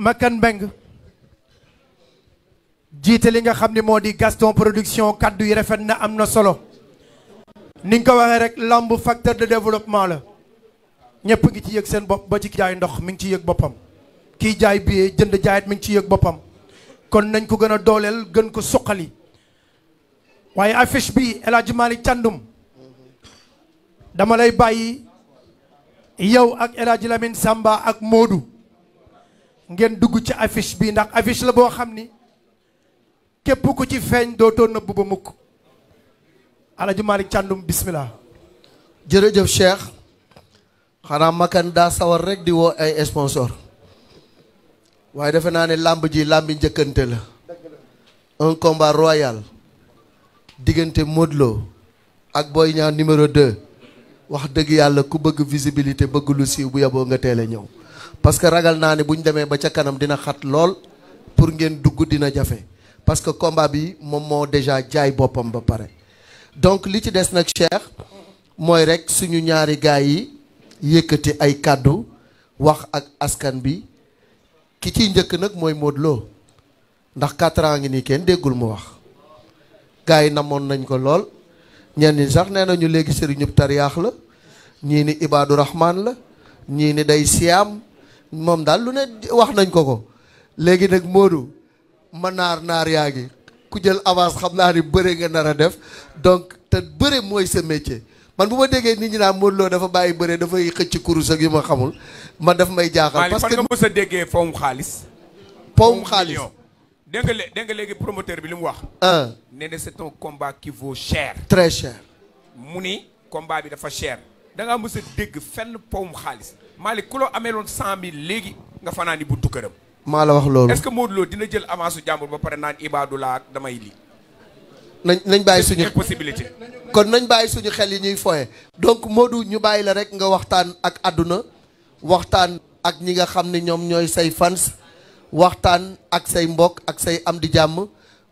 Makan Mbeng jiite li nga xam ne moo di Gaston Production kàddu yi rafet na am na solo niñ ko waxee rek lamb facteur de développement la ñëpp ngi ci yëg seen bopp ba ci jaay ndox mi ngi ci yëg boppam kiy jaay billet jënd jaayit mi ngi ci yëg boppam kon nañ ko gën a dooleel gën ko suqali waaye affiche bi El Hadj dama lay bàyyi yow ak El lamin sàmba ak Modou ngeen dugg ci affiche bi ndax affiche la boo xam ni képp ku ci feeñ dootoo nëbb ba mukk Alaaji Malick Thiandoum bismillah jërëjëf Cheikh xanaa makan daa sawar rek di woo ay sponsor waaye defe naa ne làmb ji làmbi njëkkante la un combat royal diggante Modou ak booy Niang numéro 2 wax dëgg yàlla ku bëgg visibilité bëgg lu siiw bu yeboo nga teel a ñëw parce que ragal naa ne bu ñu demee ba ca kanam dina xat lool pour ngeen dugg dina jafe parce que combat bi moom moo déjà jaay boppam ba pare donc li ci des nag Cheikh mooy rek suñu ñaari gaay yi yëkkati ay kàddu wax ak askan bi ki ciy njëkk nag mooy Modou ndax quatre ans ngi nii kenn déggul mu wax gaay yi namoon nañ ko lool ñenn ñi sax nee nañu léegi sëriñub tariyaax la ñii ni Ibadu Rahman la ñii ni day siyaam moom daal lu ne wax nañ ko ko léegi nag Modou ma naar naar yaa ngi ku jël avance xam naa ni bëree nga nar def donc te bëre mooy sa métier man bu ma déggee nit ñi naan Modou dafa bàyyi bëre dafay xëcc kurus ak yu ma xamul man daf may jaaxal. parce que fan nga mës a déggee fawum xaalis. fawum xaalis dégg nga dégg léegi promoteur bi li mu wax. nee na c'est un combat qui très cher. mu ni combat bi dafa cher. da ngaa mës a dégg fenn pawum xaalis. Malick ku la ameeloon cent mille léegi nga fanaani buntu këram. maa la wax loolu est-ce que Modou dina jël avance su jàmbur ba pare naan ibaadu laa ak damay lii. nañ nañ bàyyi suñu possibilité kon nañ bàyyi suñu xel yi ñuy foye donc Modou ñu bàyyi la rek nga waxtaan ak àdduna waxtaan ak ñi nga xam ne ñoom ñooy say fans waxtaan ak say mbokk ak say am di jàmm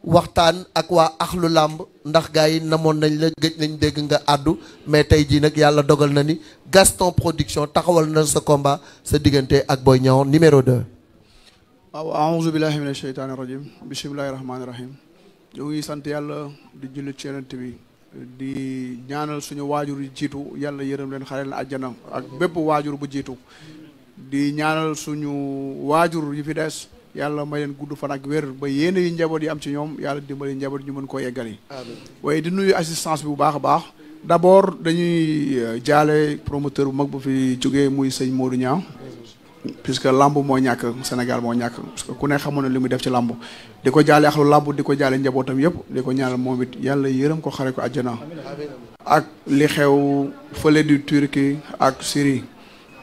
waxtaan ak waa axlu làmb ndax gars yi namoon nañ la gëj nañ dégg nga àddu mais tey jii nag yàlla dogal na ni Gaston Production taxawal na sa combat sa diggante ak booy Niang numéro 2. waaw aouzu billahi mina sheytaani rajim bismillahi rahmaani rahim ñu ngi sant yàlla di julli ci bi di ñaanal suñu waajur yi jiitu yàlla yërëm leen xare leen àjjana ak bépp waajur bu jiitu di ñaanal suñu waajur yi fi des yàlla may leen gudd fan ak wér ba yéene yi njaboot yi am ci ñoom yàlla dimbali njaboot ñu mën koo yeggali waaye di nuyu assistance bi bu baax a baax d' abord dañuy euh, jaale promoteur bu mag bu fi jógee muy sëñ Modou parce que lamb moo ñàkk Sénégal moo ñàkk parce que ku ne xamoon na li muy def ci lamb di ko jaale axlu lamb di ko jaale njabootam yëpp di ko ñaanal moom it yàlla yërëm ko xare ko àjjana ak li xew fële du Turquie ak Syrie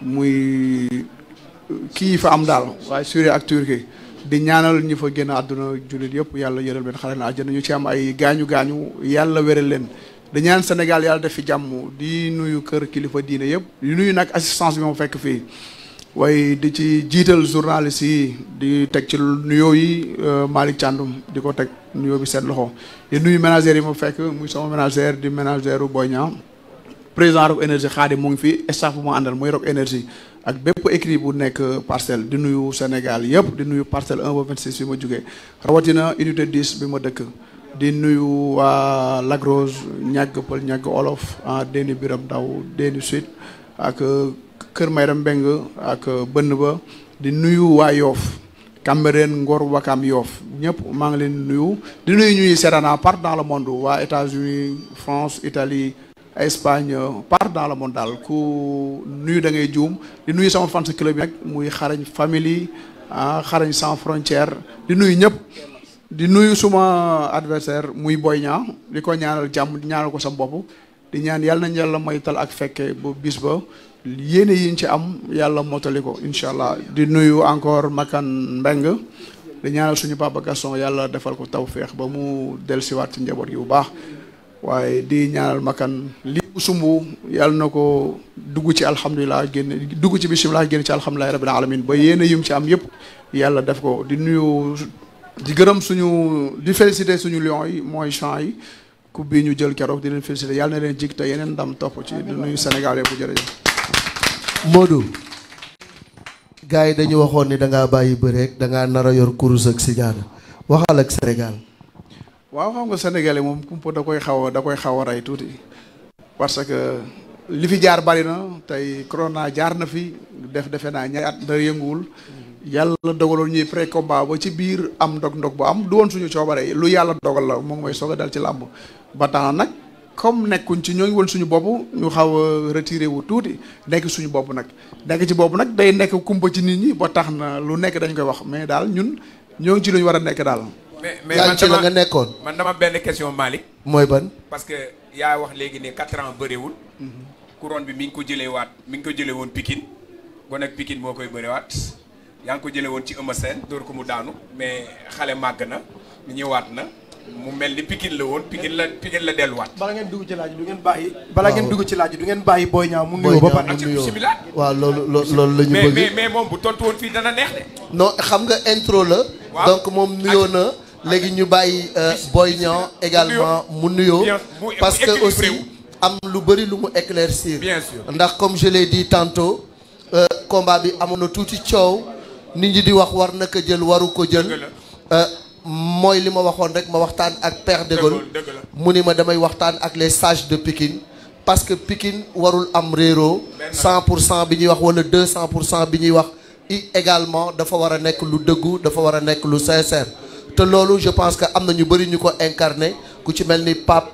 muy euh, kii fa am daal waaye Syrie ak Turquie di ñaanal ñi fa génn àdduna jullit yëpp yàlla yëral leen xale na àjjana ñu ci am ay gaañu gaañu yàlla wéral leen di ñaan Sénégal yàlla def fi jàmm di nuyu kër kilifa diine yëpp di nuyu nag assistance bi ma fekk fii waaye di ci jiital journaliste yi di teg ci nuyoo yi euh, Malick Thiandoum di ko teg nuyoo bi seen loxo di nuyu ménagères yi ma fekk muy sama ménagère di ménagère u Boy Niang président Rock Énergie Xaadim mu ngi fi staff àndal mooy Rock Énergie ak bépp écrit bu nekk parcelle di nuyu Sénégal yëpp di nuyu parcelle 1 ba 26 bi ma jugee rawatina unité 10 bi ma dëkk di nuyu waa Lagrose ñàgg pël ñàgg olof ah déeni biram daw déeni sud ak euh, Kër Mayram Mbeng ak euh, bënn ba di nuyu waa Yoof Cambérène Ngor wakaam Yoff ñëpp maa ngi leen nuyu di nuyu ñuy seetaan partout dans le monde waa États-Unis France Italie Espagne part dans le monde daal ku nuyu dangay ngay juum di nuyu sama fans club yi nag muy xarañ family ah xarañ sans frontière di nuyu ñëpp di nuyu suma adversaire muy Boy ñaa di ko ñaanal jàmm di ñaanal ko sa bopp di ñaan yàlla nañ yàlla may tal ak fekke ba bis ba yéene yi ñu ci am yàlla mottali ko incha allah di nuyu encore Makan Mbeng di ñaanal suñu papa Gaston yàlla defal ko taw feex ba mu siwaat ci njaboot yi bu baax waaye di ñaanal makan lii bu sumb yàlla na ko dugg ci alhamdulilah génn dugg ci bi bisimilah génn ci alhamdulilahi rabbil alamin ba yéen a yum ci am yëpp yàlla def ko di nuyu di gërëm suñu di féliciter suñu lion yi mooy champs yi ku bii ñu jël keroog di leen féliciter yàlla na yeneen ndam topp ci di nuyu Sénégal yëpp jërëjëf Modou yi dañu waxoon ni da bàyyi bëreek da ngaa nar a yor kurus ak sijaada waxal ak Sénégal waaw xaw nga sénégalais moom kumpa da koy xaw a da koy xaw a rey tuuti parce que li fi jaar bari na tey corona jaar na fi def defe naa ñaari at da yënguwul yàlla dogaloon ñuy pré combat ba ci biir am ndog-ndog bu am du woon suñu coobare lu yàlla dogal la moom mooy soog a dal ci làmb ba tax nag comme nekkuñ ci ñoo ngi woon suñu bopp ñu xaw a retiré wu tuuti nekk suñu bopp nag nekk ci bopp nag day nekk kumpa ci nit ñi ba tax na lu nekk dañ koy wax mais daal ñun ñoo ci lu war a nekk daal. mais mais man ci la nga nekkoon. man dama benn mooy ban. parce que yaa wax léegi ne quatre ans bëriwul. Mm-hmm. couronne bi mi ngi ko jëlee waat mi ngi ko jëlee woon Pikine kon nag Pikine moo koy bëriwaat yaa ngi ko jëlee woon ci Eumeu Sène door ko mu daanu mais xale màgg na ñëwaat na. mu mel ni Pikine la woon Pikine la bala ngeen dugg ci laaj du ngeen bàyyi. bala ngeen dugg ci laaj du ngeen bàyyi Boy Niang mu nuyoo ba pare ak ah, ci bisimilah. waaw loolu moom bu tontu woon fii dana neex de. non xam nga intro la. donc moom nuyoo léegi ñu bàyyi euh, Boy Niang également mu nuyoo parce que aussi am lu bëri lu mu éclaircir ndax comme je l'ai dit tantôt euh, combat bi amoon na tuuti coow nit ñi di wax war na ko jël waru ko jël euh, mooy li ma waxoon rek ma waxtaan ak père de Gaulle mu ni ma damay waxtaan ak les sages de Pikine parce que Pikine warul am réeroo cent pour cent bi ñuy wax wala deux cent pour cent bi ñuy wax i également dafa war a nekk lu dëggu dafa war a nekk lu sincère te loolu je pense que am na ñu bëri ñu ko incarné ku ci mel ni Pape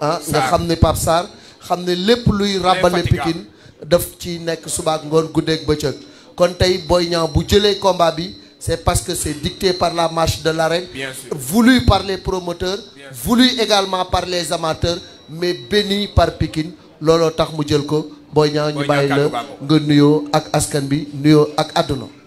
ah nga xam ni Pape Sarr xam ne lépp luy ràbbale Pikine def ci nekk subaak ngoon guddeeg bëccëg kon tey Boy Niang bu jëlee combat bi c'est parce que c'est dicté par la marche de la l'arène voulu par les promoteurs voulu également par les amateurs mais béni par Pikine looloo tax mu jël ko Boy Niang ñu bàyyi la nga nuyoo ak askan bi nuyoo ak àdduna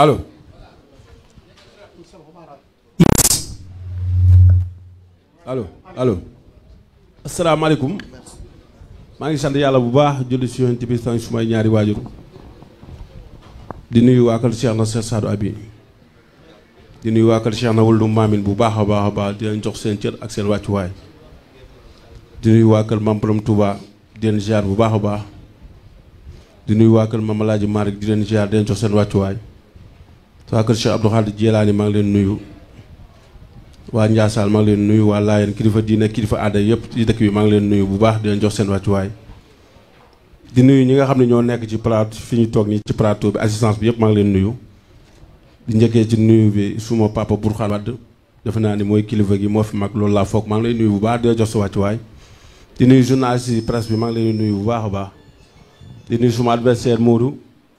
alo alo allo. asalaamaaleykum. maa ngi sant yàlla bu baax julli si yonent bi sant sumay ñaari waajur. di nuyu waa kër Cheikh na Cheikh Sadou Abi di nuyu waa kër Cheikh na Wuldu Maamin bu baax a baax a baax di leen jox seen cër ak seen wàccuwaay. di nuy waa kër Maam Borom Touba di leen bu baax a baax. di nuyu waa kër Maam Alaaji Maalik di leen ziar di leen jox seen wàccuwaay. waa kër Cheikh Abdou Khadir Jilaani maa ngi leen nuyu waa Ndiassane maa ngi leen nuyu waa Laayeen kilifa diine kilifa aada yëpp ci dëkk bi maa ngi leen nuyu bu baax di leen jox seen wàccuwaay di nuyu ñi nga xam ne ñoo nekk ci plateau fi ñu toog nii ci plateau bi assistance yëpp maa ngi leen nuyu di njëkkee ci nuyu bi suma papa Bourkhane Wade defe naa ni mooy kilifa gi moo fi mag loolu laa foog maa ngi lay nuyu bu baax jox sa wàccuwaay di nuyu journaliste yi presse bi maa ngi lay nuyu bu baax a baax di nuyu suma adversaire Modou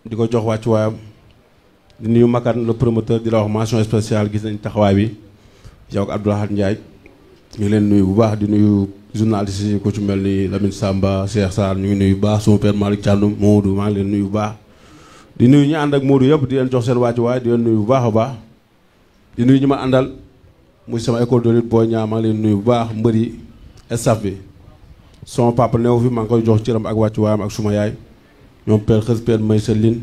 di ko jox wàccuwaayam di nuyu Makan le promoteur di la wax mention spéciale gis nañ taxawaay bi yow ak Abdoulaye Ndiaye ñu ngi leen nuyu bu baax di nuyu journaliste yi ko ci mel ni Lamine sàmba Cheikh Sarr ñu ngi nuyu bu baax sama père Malick Thiandoum Modou maa ngi leen nuyu bu baax di nuyu ñu ànd ak Modou yëpp di leen jox seen wàccuwaay di leen nuyu bu baax a baax di nuyu ñu ma àndal muy sama école de lutte boo ñaa maa ngi leen nuyu bu baax mbër yi staff bi sama papa neew fi maa ngi koy jox cëram ak wàccuwaayam ak suma yaay ñoom père xës père lin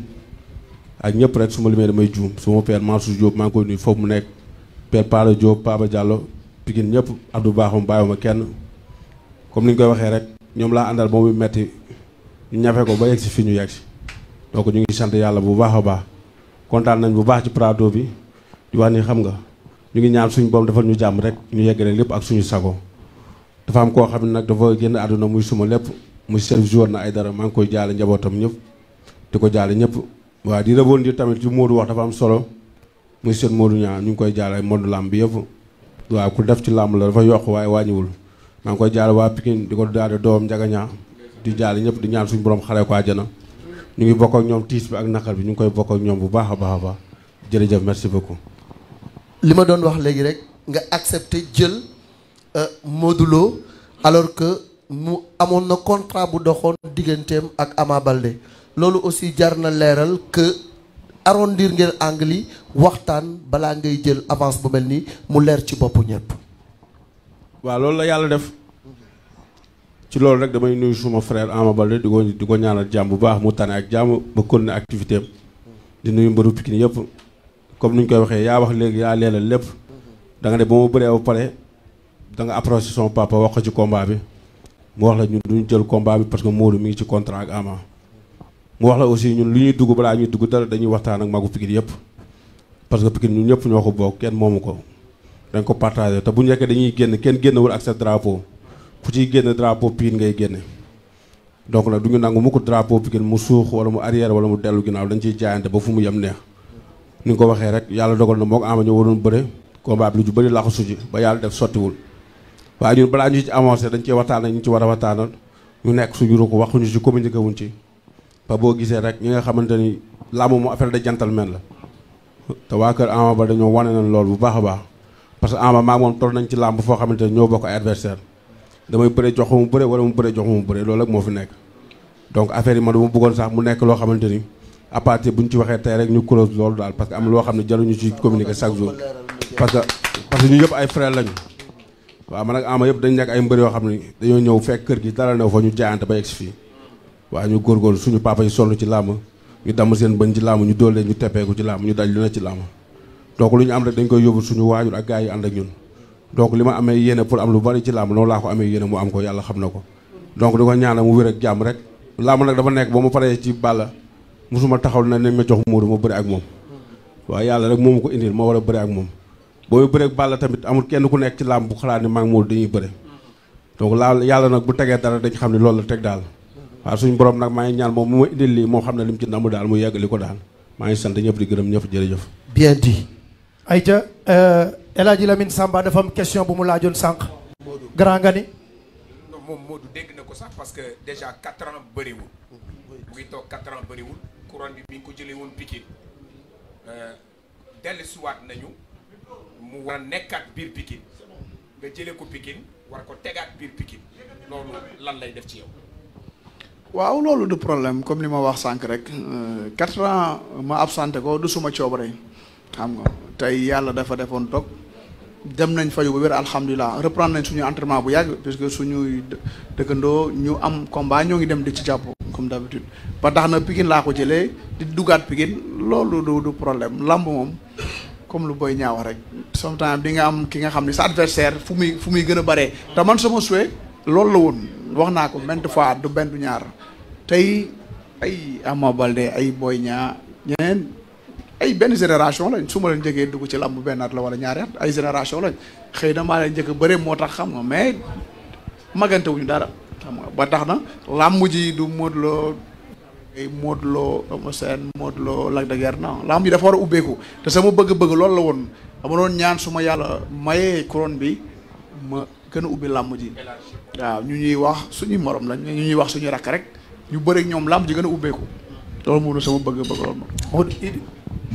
ak ñëpp rek suma ma limee damay juum su ma père Mansour Diop maa ngi koy nuyu foofu mu nekk père Paala Diop Papa Diallo Pikine ñëpp addu baaxum bàyyiwuma kenn comme ni ñu koy waxee rek ñoom laa àndal moom mu metti ñu ñafe ko ba yegg si fi ñu yegg si donc ñu ngi sant yàlla bu baax a baax kontaan nañ bu baax ci plateau bi di wax ni xam nga ñu ngi ñaan suñu boom defal ñu jàmm rek ñu yeggale lépp ak suñu sago dafa am koo xam ne nag dafa génn àdduna muy suma lépp muy chef jour na ay dara maa ngi koy njabootam ñëpp di ko jaale ñëpp waaw di rebondir tamit ci Modou wax dafa am solo muy seen Modou ñaa ñu ngi koy jaal ay monde làmb bi yëpp waaw ku def ci làmb la dafa yokk waaye wàññiwul maa ngi koy jaal waa Pikine di ko daal doom njaga ñaa di jaal ñëpp di ñaar suñ borom xale ko àjjana ñu ngi bokk ak ñoom tiis bi ak naqar bi ñu ngi koy bokk ak ñoom bu baax a baax a baax jërëjëf merci beaucoup. li ma doon wax léegi rek nga accepté jël euh, Modou alors que mu amoon na contrat bu doxoon digganteem ak Ama loolu aussi jar na leeral que arrondir ngeen angle yi waxtaan balaa ngay jël avance bu mel nii mu leer ci boppu ñëpp. waaw loolu la yàlla def ci loolu rek damay nuyu suma frère Ama Baldé di ko di ko ñaanal jàmm bu baax mu tane ak jàmm ba continuer activité am di nuyu mbëru Pikine yëpp comme ni ñu koy waxee yaa wax léegi yaa leelal lépp da nga ne ba mu bëree ba pare da nga approché son papa wax ko ci combat bi mu wax la ñun duñu jël combat bi parce que Modou mi ngi ci contrat ak mu wax la aussi ñun li ñuy dugg balaa ñuy dugg dara dañuy waxtaan ak magu Pikine yëpp parce que Pikine ñun ñëpp ñu ko bokk kenn moomu ko dañ ko partagé te bu ñu dañuy génn kenn génnewul ak sa drapeau ku ciy génn drapeau Pikine ngay génne donc nag du ñu nangu mu ko drapeau Pikine mu suux wala mu arrière wala mu dellu ginnaaw dañ ciy jaayante ba fu mu yem neex ni nga ko waxee rek yàlla dogal na moo ko ama ñoo waroon bëre combat bi lu ju bëri laxu yàlla def sottiwul waaye ñun balaa ñu ci avancé dañ ciy waxtaan ak ci war a waxtaanal ñu nekk suñu ruko waxuñu ci communiqué wuñ ci pa boo gisee rek ñi nga xamante ni làmb mu affaire de gentleman la te waa kër Ama ba dañoo wane nañ lool bu baax a baax parce que Ama maa moom toll nañ ci làmb foo xamante ne ñoo bokk ay adversaire damay bëre jox mu bëre wala mu jox mu bëre loolu rek moo fi nekk donc affaire yi man dama bëggoon sax mu nekk loo xamante ni à partir bu ñu ci waxee tey rek ñu close loolu daal parce que am loo xam ne jaruñu ci communiquer chaque jour parce que parce que ñu yëpp ay frère lañu waaw man ak nekk ay mbër yoo xam ne dañoo ñëw fekk gi dara new fa ñu jaayante ba yegg si fii waaye ñu góorgóorlu suñu papa yi sonn ci làmb ñu damm seen bëñ ci làmb ñu doolee ñu teppeeku ci làmb ñu daj lu ne ci làmb donc lu ñu am rek dañ koy yóbbu suñu waajur ak gars yi ànd ak ñun donc li ma amee yéene pour am lu bari ci làmb noonu laa ko amee yéene mu am ko yàlla xam na ko donc di ko ñaanal mu wér ak jàmm rek làmb nag dafa nekk ba mu paree ci Balla musuma taxaw na ne ma jox Modou ma bëri ak moom waaye yàlla rek moo ma ko indil ma war a bëri ak moom boo bëree Balla tamit amul kenn ku nekk ci làmb bu xalaat ni maa ngi Modou dañuy bëri donc laa yàlla nag bu tegee dara dañ xam ne loolu la teg daal waa suñu borom nag maa ngi ñaan moom mu ma indil lii moo xam ne li mu ci namm daal mu yeggali ko daal maa ngi sant ñëpp di gërëm ñëpp jërëjëf. bien dit. ayca euh, El Hadj Lamine Samba dafa am question bu mu laajoon sànq. grand nga ni. non moom Modou dégg na ko sax parce que déjà quatre ans bëriwul. mu ngi toog quatre ans bëriwul couronne bi bi ñu ko jëlee woon Pikine euh, suwaat nañu mu war a nekkaat biir Pikine nga jëlee ko Pikine war ko tegaat biir Pikine loolu lan lay def ci yow. waaw loolu du problème comme li ma wax sànq rek euh, quatre ans ma absenté ko du suma rek xam nga tey yàlla dafa defoon toog dem nañ faju ba wér alhamdulilah reprendre nañ suñu entrement bu yàgg puisque suñuy dëkkandoo ñu am combat ñoo ngi dem di ci jàpp comme d'habitude ba dax na Pikine laa ko jëlee di dugaat Pikine loolu du du problème lamb moom comme lu boy ñaaw rek temps di nga am ki nga xam ni sa adversaire fu muy fu muy gën a baree te man sama souhait loolu la woon wax naa ko maintes fois du benn du ñaar tey ay Ama Baldé ay Boy Niang ñeneen ay benn génération lañ su ma leen njëkkee dugg ci làmb benn at la wala ñaar at ay génération lañ xëy na maa leen njëkk bëre moo tax xam nga mais magante dara xam nga ba tax na làmb ji du Modou Lo ay Modou Lo Eumeu Sène Modou Lo Lac de Guiers non làmb ji dafa war a ubbeeku te sama bëgg-bëgg loolu la woon dama doon ñaan su ma yàlla mayee couronne bi ma gën ubbi làmb ji waaw ñu ñuy wax suñuy morom lañ ñu ñuy wax suñu rakk rek ñu bëri ñoom làmb ji gën a ubbeeku loolu moo doon sama bëgg-bëgg loolu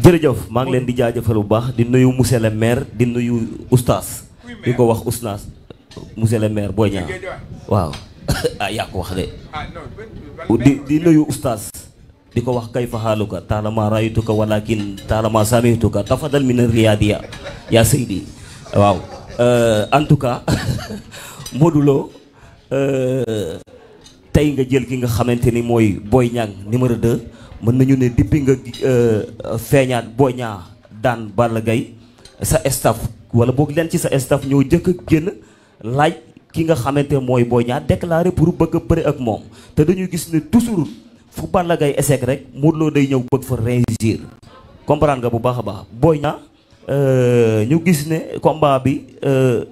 jërëjëf maa ngi leen di jaajëfal bu baax di nuyu monsieur le maire di nuyu oustaz di ko wax oustaz monsieur le maire Boy Niang waaw ah yaa ko wax de ah, di di nuyu oustaz di ko wax kayfa xaaluka taalama rayutuka walakin taalama samituka tafadal min riyaadiya yaa seydi waaw euh, en tout cas Modou Lo Euh, tey nga jël ki nga xamante ni mooy Boy Niang numéro de mën nañu ne dippi nga euh, feeñaat Boy ñaa daan Balla gay sa staff wala boog leen ci sa staff ñoo jëkk a génn laaj ki nga xamante mooy Boy Niang déclaré pour bëgg a bëre ak moom te dañuy gis ne toujours fu Balla gay échec rek Modou Lo day ñëw bëgg fa réussir comprendre nga bu baax a baax Boy Niang Euh, ñu gis ne combat bi euh,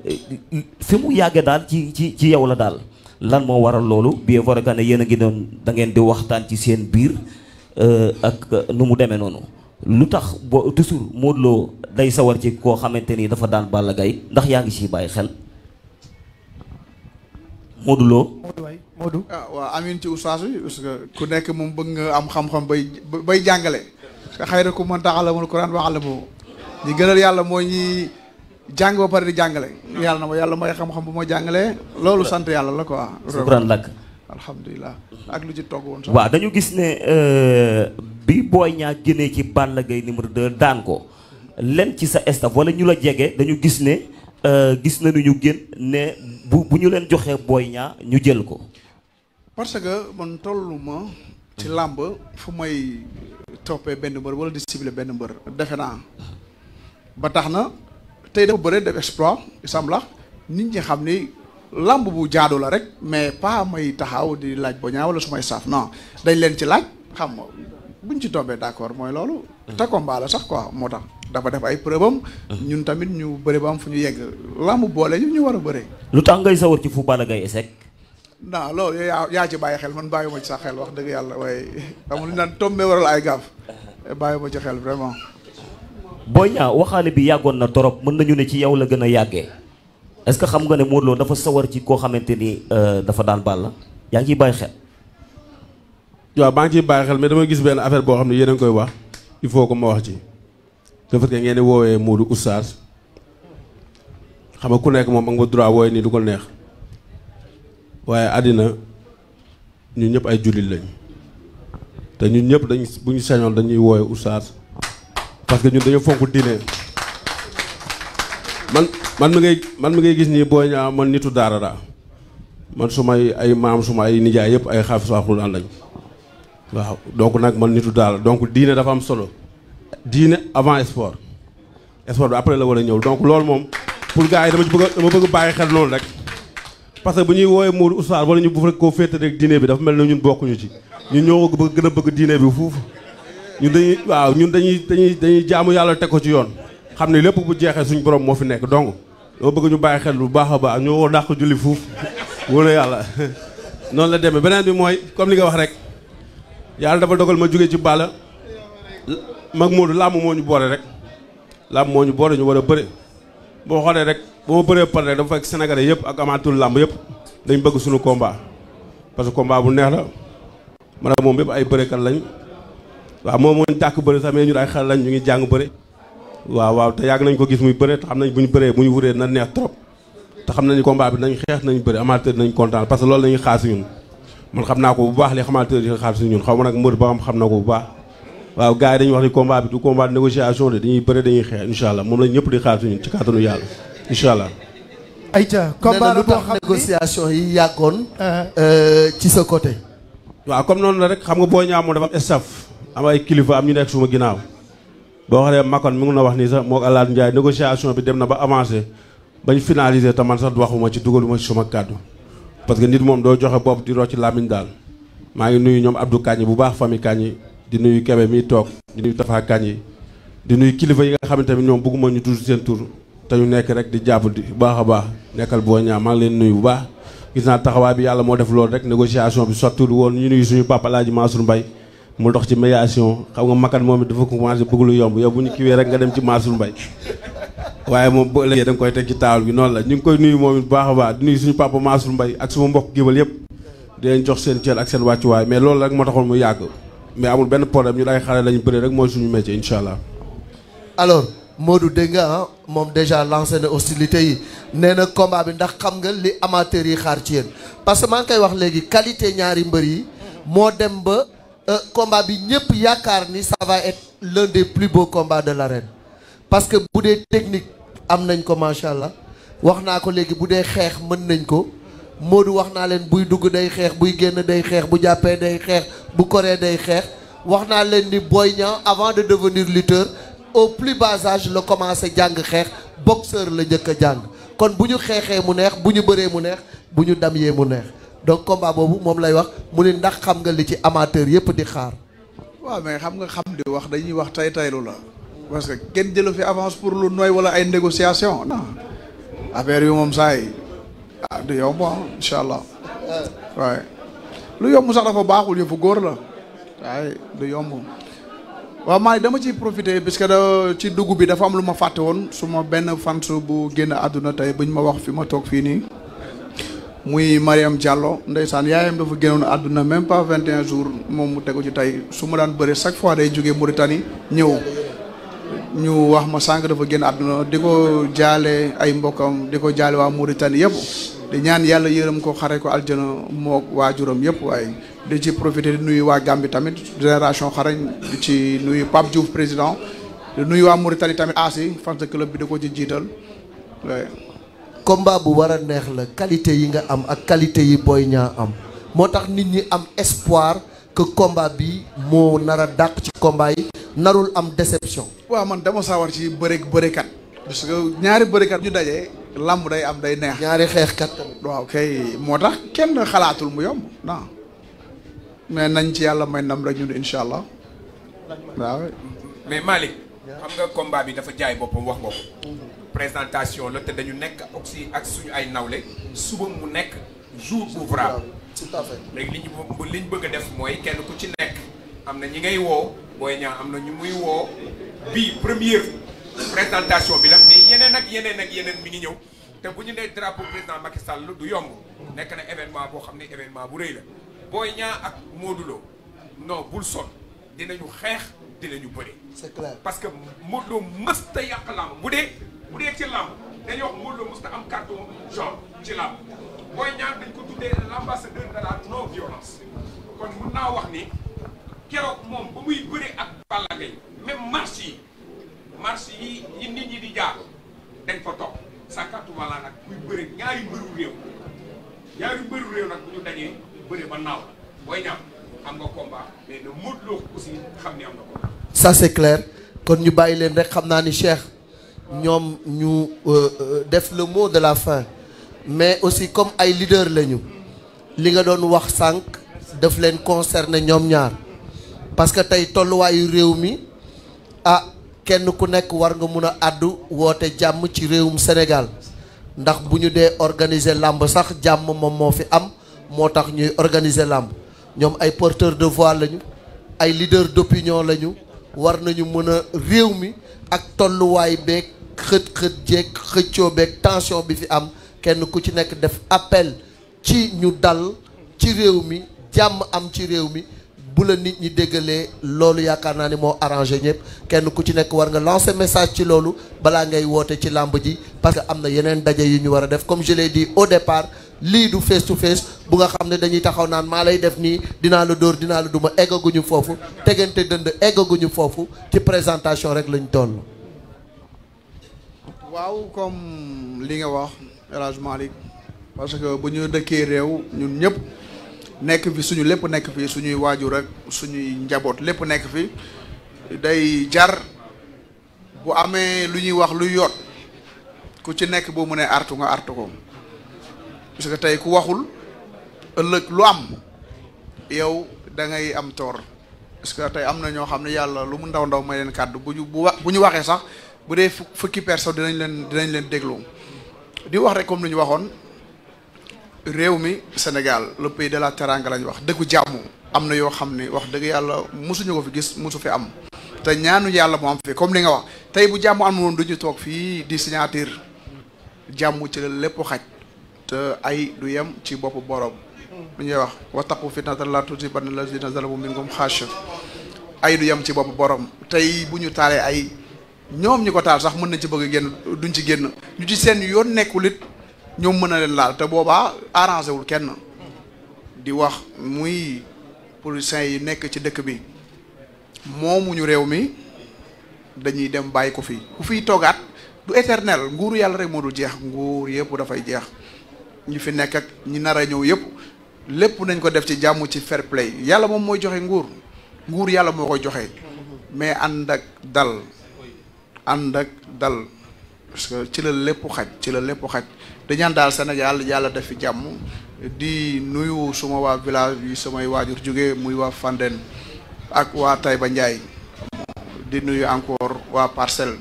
fi mu yàggee daal ci ci ci yow la daal lan moo waral loolu bien vrai que ne a ngi doon da ngeen di waxtaan ci seen biir euh, ak nu mu demee noonu lu tax boo toujours Modou day sawar ci koo xamante ni dafa daan Balla gay ndax yaa ngi siy bàyyi xel. Modou Lo. Modou ah ci oustaz bi parce ku nekk moom bëgg nga am xam-xam bay bay jàngale. xayra ku man taxalamal Quran waxal boobu. ñi gënal yàlla mooy ñi jàng ba pare di jàngale yàlla na ma yàlla may xam-xam bu ma jàngalee loolu sant yàlla la quoi sukuraan lakk alhamdulilah ak lu ci togg woon sax waaw dañu gis ne euh, bi Boy Niang génnee ci Balla Gaye numéro 2 daan ko len ci sa staff wala ñu la jege dañu gis ne euh, gis na nu ñu gën ne bu bu ñu leen joxee Boy Niang ñu jël ko parce que man tollu ma ci làmb fu may toppee benn mbër wala discipliné benn mbër defe naa ba tax na tey dafa bëre def exploit sam la nit ñi xam ni lamb bu jaadu la rek mais pas may taxaw di laaj ba ñaaw wala su may saaf non dañ leen ci laaj xam nga buñ ci tombee d'accord mooy loolu. Mm. te combat la sax quoi moo tax dafa def ay preuve am mm. ñun tamit ñu bëri ba am fu ñu yegg lamb boole ñu ñu war a bëree. lu tax ngay sawar ci fu Balla Gaye échec. non loolu yaa yaa ci bàyyi xel man bàyyiwuma ci sax xel wax dëgg yàlla waaye amul lu ñu naan tombé waral ay gaaf bàyyiwuma ci xel vraiment. Boy Niang waxaale bi yàggoon na torop mën nañu ne ci yow la gën a yàggee est-ce que xam nga ne Modou dafa sawar ci koo xamante ni euh, dafa daan la yaa ngi ciy bàyyi xel. waaw maa ngi ciy bàyyi xel mais dama gis benn affaire boo xam ne yéen a koy wax il faut que ma wax ci. le fait que ngeen woowee Modou oustaz xam nga ku nekk moom am nga droit wooye nii du ko neex waaye àddina ñu ñëpp ay jullit lañ te ñun ñëpp dañ bu ñu sañoon dañuy wooye oustaz. parce que ñun dañoo fonk diine man man mi ngay man mi ngay gis nii boo ñaa man nitu daara daa man su may ay maam su ma ay nijaay yëpp ay xaafis alxuraan lañ waaw donc nag man nitu daara donc diine dafa am solo diine avant sport sport bi après la war a ñëw donc lool moom pour gars yi dama bëgg dama bëgg bàyyi xel loolu rek parce que bu ñuy muur Modou Oustaz wala ñu bu rek koo féete rek diine bi dafa mel na ñun bokkuñu ci ñu ñëw ko bëgg gën a bëgg diine bi fuufu ñun dañuy waaw ñun dañuy dañuy dañuy jaamu yàlla teg ko ci yoon xam ne lépp bu jeexee suñu borom moo fi nekk donc dama bëgg ñu bàyyi xel bu baax a baax ñoo war dàq julli fuuf wóor na yàlla noonu la demee beneen bi mooy comme li nga wax rek yàlla dafa dogal ma jóge ci Balla mag Modou làmb moo ñu boole rek làmb moo ñu boole ñu war a bëre boo xoolee rek ba ma bëree pare rek dafa fekk sénégalais yëpp ak amaatul làmb yëpp dañ bëgg suñu combat parce que combat bu neex la man ak moom yëpp ay bërekat lañ waaw moom moo ñu tàkk bëre sax mais ñun ay xale lañ ñu ngi jàng bëre waaw waaw te yàgg nañ ko gis muy bëre te xam nañ bu ñu ñu wuree na neex trop te xam nañu combat bi nañ xeex kontaan parce que loolu lañuy xaar si ñun man xam naa ko bu baax li amateur yi xaar xaw ma nag mbër ba xam na ko bu baax waaw gars yi dañuy wax ni combat bi du combat de négociation de dañuy bëre dañuy xeex incha allah moom lañ ñëpp di xaar si ñun ci kàttanu yàlla incha allah ah. euh, comme noonu la rek xam nga boo ñaa moom am staff am ay kilifa am ñu nekk suma ginnaaw boo xam ne Makone mi ngi na wax nii sax moo Alaat Ndiaye négociation bi dem na ba avancé bañ finalisé te man sax waxuma ci dugaluma ci suma kàddu parce que nit moom doo joxe bopp di rocc làmmiñ daal maa ngi nuyu ñoom Abdou Kañ bu baax famille Kañ di nuyu Kebe mi toog di nuyu Tafa Kañ di nuyu kilifa yi nga xam ne ñoom bëgguma ñu tudd seen tur te ñu nekk rek di jàpp di bu baax a baax nekkal boo ñaa maa ngi leen nuyu bu baax gis naa taxawaay bi yàlla moo def loolu rek négociation bi sottul woon ñu suñu papa Alaaji Mansour Mbaye mu dox ci médiation xam nga makan moom it dafa commencé bëgg lu yomb yow bu ñu kiiwee rek nga dem ci Mansour Mbaye waaye moom bu ëllëgee da nga koy teg noonu la ñu ngi koy nuyu moom it a baax di nuyu suñu papa Mansour Mbaye ak suma mbokk géwël yëpp di jox seen cër ak seen wàccuwaay mais loolu rek moo taxoon mu yàgg mais amul benn problème ñu day xale lañu bëree rek mooy suñu métier incha allah alors Modou dégg nga ah moom déjà lancé na hostilité yi nee na combat bi ndax xam nga li amateurs yi xaar ci yéen parce que maa ngi wax léegi qualité ñaari mbër yi moo dem ba Euh, combat bi ñëpp yaakaar ni ça va être l'un des plus beaux combats de l'arène parce que bu dee technique am nañ ko macha allah wax naa ko léegi bu dee xeex mën nañ ko Modou wax naa leen buy dugg day xeex buy génn day xeex bu jàppee day xeex bu koree day xeex wax naa leen ni booy Niang avant de devenir lutteur au plus bas la commencé jàng xeex boxeur la njëkk a jàng kon bu ñu xeexee mu neex bu ñu bëree mu neex bu ñu damyee mu neex donc combat boobu moom lay wax mu ne ndax xam nga li ci amateur yëpp di xaar. waaw mais xam nga xam di wax dañuy wax tay taylu la. parce que kenn jëlu fi avance pour lu nooy wala ay négociation non affaire yu moom saa yi ah, ah allah waaye euh. lu yomb sax dafa baaxul yëfu góor la waaye du yomb waaw maa dama ciy profité parce que da ci dugub bi dafa am lu ma fàtte woon su ma benn fans bu génn àdduna tey buñ ma wax fi ma toog fii nii muy Mariam Diallo ndeysaan yaayam dafa génnoon àdduna même pas 21 jours moom mu tegu ci tey su ma daan bëre chaque fois day jógee Mauritanie ñëw ñu wax ma sànq dafa génn àdduna di ko jaale ay mbokkam di ko jaale waa Mauritanie yëpp di ñaan yàlla yërëm ko xare ko aljana moo waajuram yëpp waaye di ci profité nuyu waa Gambie tamit génération xarañ ci nuyu Pape Diouf président di nuyu waa Mauritanie tamit aasi fans club bi da ko ci jiital combat bu war a neex la qualité yi nga am ak qualité yi booy Niang am moo tax nit ñi am espoir que combat bi moo nar a dàq ci combat yi narul am déception. waaw man dama sawar ci bëreeg bëreekat. parce que ñaari bëreekat ñu daje. làmb day am day neex. ñaari xeexkat tamit. moo tax kenn xalaatul mu yomb non mais nañ ci yàlla may ndam rek ñun incha allah waaw. mais Malick. xam nga combat bi dafa jaay boppam wax boppam. présentation la te dañu nekk aussi ak suñu ay nawle suba mu nekk jour ouvrable tout à fait léegi li ñu li ñu bëgg a def mooy kenn ku ci nekk am na ñi ngay woo booy ñaa am na ñu muy woo bi première présentation bi la mais yeneen ak yeneen ak yeneen mi ngi ñëw te bu ñu nee drapeau président Macky Sall du yomb nekk na événement boo xam ne événement bu rëy la booy ñaa ak Modou no non bul son dinañu xeex dinañu bëri c'est clair parce que Modou Lo mës ta yàq lamb bu dee bu dee ci làmb dañuy wax Modou Lo musta am carton jaune ci làmb Boy Niang dañ ko tuddee l'ambassadeur de la non violence kon mun naa wax ni keroog moom ba muy bëre ak Balla Gaye même marche yi marche yi nit ñi di jaar dañ fa topp sàkkatuma laa nag muy bëre ñaari mbëru réew réew nag bu ñu dajee bëre ba naaw Boy Niang am nga combat mais le Modou Lo aussi xam ni am na combat ça c'est clair kon ñu bàyyi leen rek xam naa ni Cheikh ñoom ñu euh, euh, def le mot de la fin mais aussi comme ay leader lañu li nga doon wax sànq def leen concerner ñoom ñaar parce que tey tolluwaayu réew mi ah kenn ku nekk war nga mun a àddu woote jàmm ci réewum Sénégal ndax bu ñu dee organiser làmb sax jàmm moom moo fi am moo tax ñuy organiser làmb ñoom ay porteurs de voix lañu ay leaders d'opinion lañu war nañu mën réew mi ak tolluwaay beeg. xët-xët jeeg xëccoo beeg tension bi fi am kenn ku ci nekk def appel ci ñu dal ci réew mi jàmm am ci réew mi bu la nit ñi déggalee loolu yaakaar naa ni moo arrangé ñëpp kenn ku ci nekk war nga lancer message ci loolu balaa ngay woote ci làmb ji parce que am na yeneen daje yi ñu war a def comme je l'ai dit au départ lii du face to face bu nga xam ne dañuy taxaw naan maa lay def nii dinaa la dóor dinaa la duma eggaguñu foofu tegante dënd eggaguñu foofu ci présentation rek lañ toll. waaw comme li nga wax El Hadj parce que bu ñu dëkkee réew ñun ñëpp nekk fi suñu lépp nekk fi suñuy waajur rek suñuy njaboot lépp nekk fi day jar bu amee lu ñuy wax lu yoot ku ci nekk boo mënee artu nga artu ko parce que tey ku waxul ëllëg lu am yow da ngay am toor parce que tey am na ñoo xam ne yàlla lu mu ndaw ndaw may leen kàddu ñu bu ñu waxee sax bu dee fukki personne dinañ leen dinañ leen déglu di wax rek comme lu ñu waxoon réew mi Sénégal le pays de la teranga lañ wax dëggu jàmm am na yoo xam ne wax dëgg yàlla mosuñu ko fi gis mosu fi am te ñaanu yàlla mu am fi comme li nga wax tey bu jàmm am woon du ñu toog fii di signature jàmm ci la lépp xaj te ay du yem ci boppu borom lu ñuy wax la wattaqu fitnatan laa tusiibanna llazina zalamu minkum xaasatan ay du yem ci boppu boroom tey bu ñu taalee ay ñoom ñi ko taal sax mën nañ ci bëgg a génn duñ ci génn ñu ci seen yoon nekkul it ñoom mën a leen laal te boobaa arrangé wul kenn di wax muy politiciens yi nekk ci dëkk bi moomuñu réew mi dañuy dem bàyyi ko fi ku fiy toogaat du éternel nguur yàlla rek moo dul jeex nguur yëpp dafay jeex ñu fi nekk ak ñi nar a ñëw yëpp lépp nañ ko def ci jàmm ci fair play yàlla moom mooy joxe nguur nguur yàlla moo koy joxe mais ànd ak dal. am ak dal parce que ci la lépp xaj ci la lépp xaj di ñaan daal Sénégal yàlla def fi jàmm di nuyu suma waa village yi samay waajur jóge muy waa Fandène ak waa ba Ndiaye di nuyu encore waa Parcelles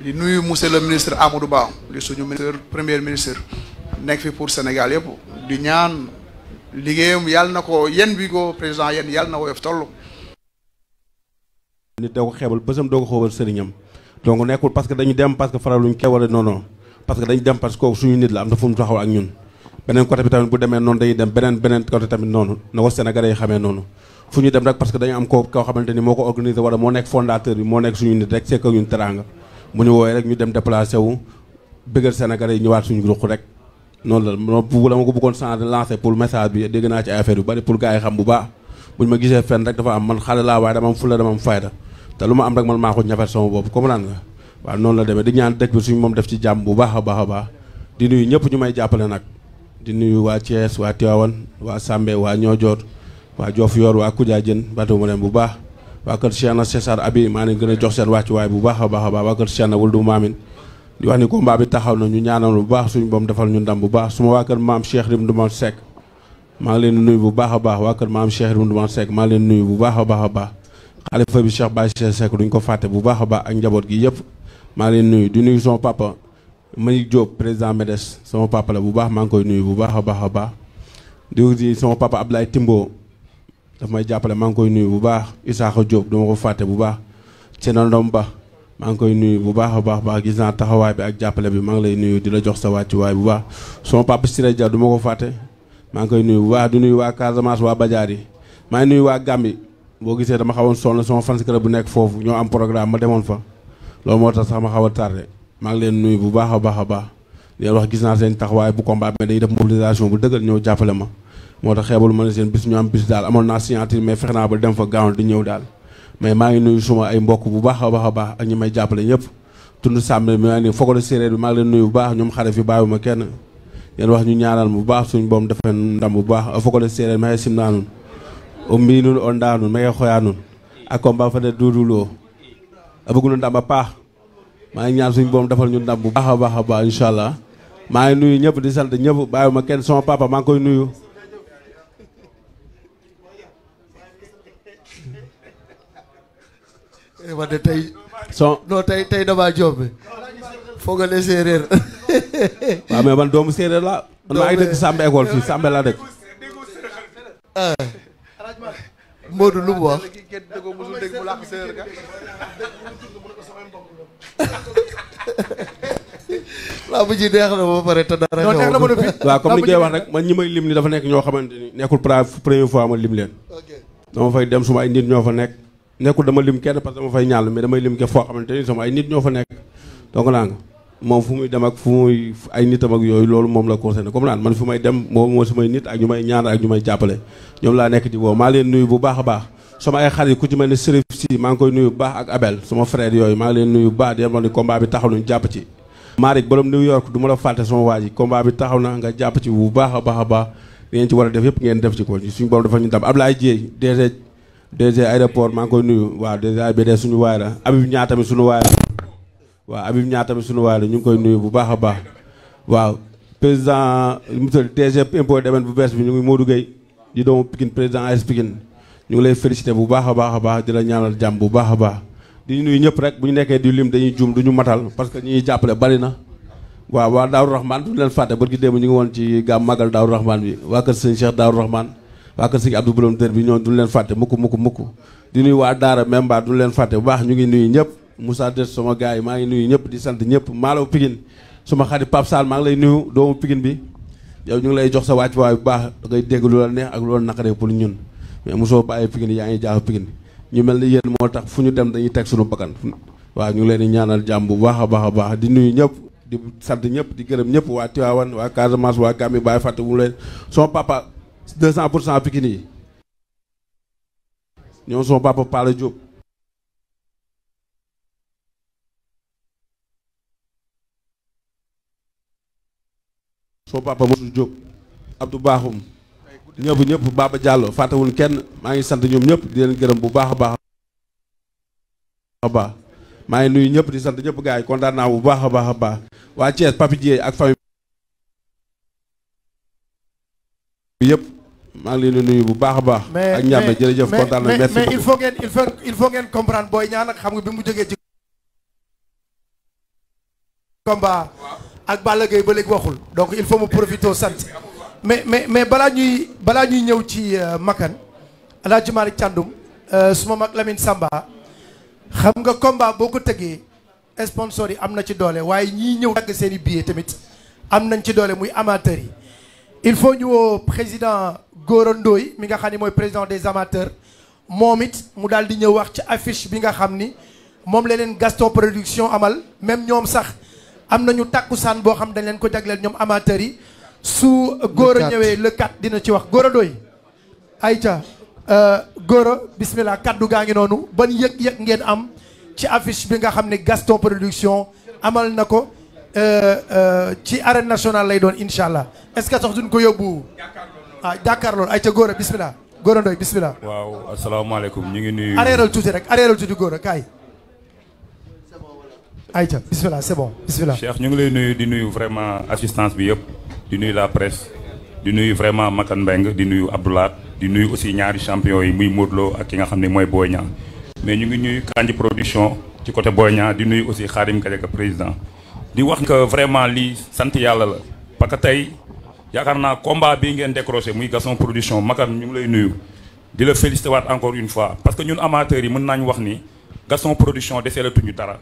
di nuyu monsieur le ministre Amadou Ba di suñu ministre premier ministre nekk fi pour Sénégal yëpp di ñaan liggéeyam yàlla na ko yen bi ko président yen yàlla na woyof toll nit doo ko xeebal bésam doo ko xoobal sëriñam donc nekkul parce que dañu dem parce que faraluñ kee wala non non parce que dañu dem parce que kooku suñu nit la am na fu mu taxaw ak ñun beneen côté bi tamit bu demee noonu dañuy dem beneen beneen côté tamit noonu na ko Sénégalais yi xamee noonu fu ñu dem rek parce dañu am koo koo xamante ni moo ko organisé a moo nekk fondateur bi moo nekk suñu nit rek sekk ñun teraanga mu ñu woowee rek ñu dem déplacé wu bëggal Sénégalais yi ñëwaat suñu ruq rek noonu la noonu ko bëggoon changer lancer pour message bi dégg naa ci affaire yu bari pour gars yi xam bu baax buñ ma gisee fenn rek dafa am te lu ma am rek man maa ko ñafat sama bopp comprendre nga waaw noonu la demee di ñaan dëkk bi suñu moom def ci jàmm bu baax a baax a baax di nuyu ñëpp ñu may jàppale nag di nuyu waa Thiès waa Tivaouane waa Sambé waa Niodior waa Diofior waa Koudia Diène batu ma leen bu baax waa kër Cheikh na César Abi maa leen gën a jox seen wàccuwaay bu baax a baax a baax waa kër Cheikh na Wuldu Maamin di wax ni combat bi taxaw na ñu ñaanal bu baax suñu boom defal ñu ndam bu baax suma waa kër maam Cheikh Rim Duman maa ngi leen nuyu bu baax a baax waa kër maam Cheikh Rim Duman maa leen nuyu bu a baax a baax xalifa bi Cheikh Baye Cheikh Seck duñ ko fàtte bu baax a baax ak njaboot gi yëpp maa leen nuyu di nuyu sama papa Malick jóob président MEDES sama papa bu baax maa ngi koy nuyu bu baax a baax a baax di sama papa Abdoulaye Timbo daf may jàppale maa ngi koy nuyu bu baax Isaaxa Diop duma ko fàtte bu baax Seydina Ndom Ba maa ngi koy nuyu bu baax a baax baax gis naa taxawaay bi ak jàppale bi maa ngi lay nuyu di la jox sa wàccuwaay bu baax sama papa Sira Dia du ma ko fàtte maa ngi koy nuyu bu baax di nuyu waa Casamance waa Badiar yi maa ngi nuyu boo gisee dama xawoon sonn sama fans club bu nekk foofu ñoo am programme ma demoon fa loolu moo tax sax ma xaw a tardé maa ngi leen nuyu bu baax a baax a baax wax gis naa seen taxawaay bu combat mais dañuy def bu dëggal ñëw jàppale ma moo tax xeebul ma ne seen bis ñu am bis amoon naa signature mais fexe naa ba dem fa gaawoon di ñëw daal mais ngi nuyu suma ay bu baax a baax a baax ak ñi may jàppale ñëpp tund sàmm bi maa ngi foogale séeréer bi maa ngi leen nuyu bu baax ñoom xare fi bàyyi ma kenn yéen wax ñu ñaanal bu baax suñu boom defee ndam bu baax foogale séeréer ma xëy sim naa o mbiinun o ndaanun maxey xooya nuun a combat fane duudulo a bëgg ndam a paax maa ñaar suñ suñu boom defal ñu ndam bu baax a baax a baax incha allah maa ngi nuyu ñëpp di sant ñëpp bàyyiwuma kenn sama papa maa ngi koy nuyu eh, ma de tey son non séeréer waaw mais man doomu séeréer la man maa ngi dëkk Samb école fii Samb laa Modou lu mu wax. laa bu ji neex na ba pare te dara. neex na waaw ni koy wax rek man ñi may lim ni dafa nekk ñoo xamante ni nekkul première fois ma lim leen. dama fay dem suma ay nit ñoo fa nekk. nekkul dama lim kenn parce que dama fay ñàll mais damay lim ke foo xamante ni sama ay nit ñoo fa nekk donc moom fu muy dem ak fu muy ay nitam ak yooyu loolu moom la concerné comme naan man fu may dem moom moo sumay nit ak ñu may ñaan ak ñu may jàppale ñoom laa nekk di woo maa leen nuyu bu baax a baax sama ay xarit ku ci mel ne Serif maa ngi koy nuyu bu baax ak Abel sama frère yooyu maa ngi leen nuyu bu baax di leen jàpp ci Marik borom New York du ma la fàtte sama waa ji combat bi taxaw na nga jàpp ci bu baax a a baax ngeen ci war a yëpp ngeen def ci ko suñu borom dafa ñu dam Ablaye Dieye DG DG aéroport maa ngi koy nuyu waaw DG AIBD suñu waay la Abib ñaa tamit suñu waay la waaw Habib Niang tamit suñu waay la ñu ngi koy nuyu bu baax a baax waaw président monsieur DG impôt domaine bu bees bi ñu ngi Modou Gueye di doomu Pikine président AS Pikine ñu ngi lay félicité bu baax a baax a baax di la ñaanal jàmm bu baax a baax di nuyu ñëpp rek bu ñu nekkee di lim dañuy juum duñu matal parce que ñi ñuy jàppale bari na waaw waa Daaru Rahman du leen fàtte barki démb ñu ngi woon ci gàmm màggal Daaru Rahman bi waa kër sëñ Cheikh Daaru Rahman waa kër sëñ bi ñoom du leen fàtte mukk mukk mukk di nuyu waa Daara Memba du leen fàtte bu baax ñu ngi nuyu ñëpp Moussa Dess sama gars yi maa ngi nuyu ñëpp di sant ñëpp maalaw Pikine suma xarit Pape Sall maa ngi lay nuyu doomu Pikine bi yow ñu ngi lay jox sa wàcc waay bu baax ngay dégg lu la neex ak lu la naqaree pour ñun mais mosoo bàyyi Pikine yaa ngi jaaxal Pikine ñu mel ni yéen moo tax fu ñu dem dañuy teg suñu bakkan waaw ñu ngi leen di ñaanal jàmm bu baax a baax baax di nuyu ñëpp di sant ñëpp di gërëm ñëpp waa Tivaouane waa Casamance waa Gambie bàyyi fàtte wu leen son papa 200 pour cent Pikine yi ñoom son papa Pala Diop soo papa Modou Diop Abdou Bakhoum ñëpp ñëpp Baba Diallo fàttewuñ kenn maa ngi sant ñoom ñëpp di leen gërëm bu baax baax baax maa ngi nuyu ñëpp di sant ñëpp gars yi naa bu baax a baax a baax waa Thiès Papi Dieye ak famille yëpp maa ngi leen di nuyu bu baax a baax ak ñàmme jërëjëf kontaan na merci mais il faut ngeen il faut il ngeen comprendre booy ñaan ak xam nga bi mu jógee ci ak Balla Gaye ba léegi waxul donc il faut mu profiter sant mais mais mais balaa ñuy balaa ñuy ñëw ci euh, Makan El Hadj Malick Thiandoum euh, suma mag Lamine Samba xam nga combat boo ko tëggee sponsor yi am na ci doole waaye ñii ñëw dagg seen i billets tamit am nañ ci doole muy amateurs yi il faut ñu woo président Gora mi nga xam ni mooy président des amateurs moom it mu daal di ñëw wax ci affiche bi nga xam ni moom la leen Gaston Production amal même ñoom sax am na ñu nañu saan boo xam dañ leen ko jagleel ñoom amateurs yi su góor ñëwee le 4 dina ci wax góor a doy ayca euh, góor a bismillah kaddu gaa ngi noonu ban yëg-yëg ngeen am ci affiche bi nga xam ne Gaston Production amal na ko euh, euh, ci arène nationale lay doon incha allah est-ce que sax duñ ko yóbbu ah jàkkaarloo ayca góor a bismillah góor a doy bismillah waaw asalaamaaleykum ñu ngi nuyu areeral tuuti rek areeral tuuti góor kaay ayca bisimilah c'est bon bisimilah. Cheikh ñu ngi lay nuyu di nuyu vraiment assistance bi yëpp di nuyu la presse nuyu vraiment Makan Mbeng di nuyu Abdoulaat di nuyu aussi ñaari champion yi muy Modou ki nga xam ne mooy Boy Niang mais ñu ngi nuyu Kandji production ci côté Boy Niang di nuyu aussi Khadim Gadiaga président di wax que vraiment lii sant yàlla la parce que tey yaakaar naa combat bii ngeen décroché muy Gaston production ñu ngi lay nuyu di la félicité waat encore fois parce que ñun amateurs yi mën nañu wax ni Gaston production desee la tuñu dara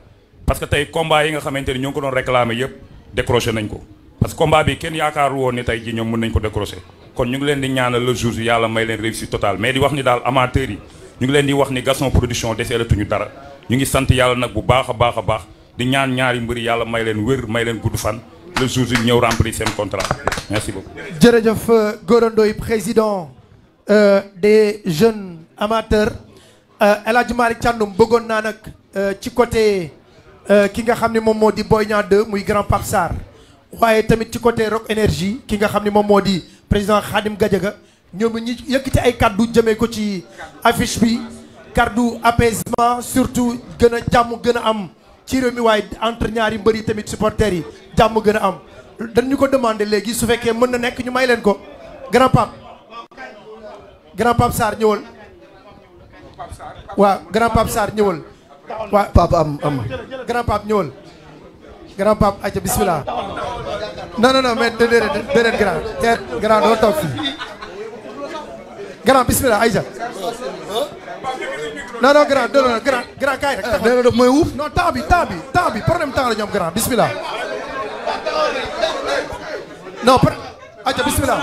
parce que tey combat yi nga xamante ni ñoo ngi ko doon réclamer yëpp décroché nañ ko parce que combat bi kenn yaakaar woon ni tey ji ñoom mën nañ ko décroché kon ñu ngi leen di ñaanal le jour yàlla may leen réussite totale mais di wax ni daal amateurs yi ñu ngi leen di wax ni Gaston Production deseelatuñu dara ñu ngi sant yàlla nag bu baax a baax a baax di ñaan ñaari mbëri yàlla may leen wér may leen gudd fan le jour yi ñëw remplir seen Euh, ki nga xam ne moom moo di Boy Niang 2 muy grand Pape Sarr waaye tamit ci côté Rock Énergie ki nga xam ne moom moo di président Khadim Gadiaga ñu yëkk ci ay kaddu jëmee ko ci affiche bi kaddu apaisement surtout gën a jàmm gën a am ci réew mi waaye entre ñaari mbër yi tamit supporters yi jàmm gën a am dañu ko demandé léegi su fekkee mën na nekk ñu may leen ko grand Pape grand Pape Sarr ñëwal waaw grand Pape Sarr ñëwal waaw papa am am grand pape ñëwal grand pape aca bismillah non non non mais déedéet déedéet grand teet grand doo toog fii grand bismillah aca non non grand non non grand grand kaay rek taxaw ah, daf may wuuf non temps bi temps bi temps bi problème temps la ñoom grand bismillah non aca bismillah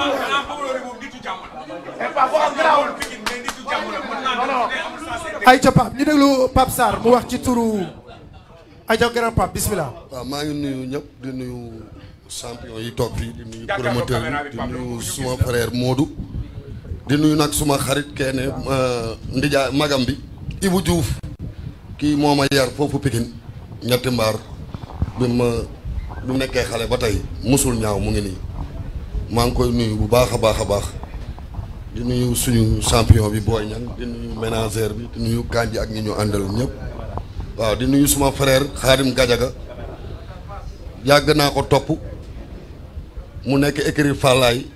ay ca Pape ñu déglu Pape Sarr mu wax ci turu aja grand bismillah waaw maa ngi nuyu ñëpp di nuyu champion yi toog fii yi di nuyu suma frère Modou di nuyu nag suma xarit keene euh, ndija magam bi Ibou Diouf kii moo ma yar foofu Pikine ñetti mbaar bi ma du nekkee xale ba tey musul ñaaw mu ngi nii maa ngi koy nuyu bu baax a baax a baax di nuyu suñu champion bi Boy Niang di nuyu manager bi di nuyu Kandji ak ñi ñu àndal ñëpp waaw di nuyu suma frère Khadim gajaga yàgg naa ko topp mu nekk écurie Fallaye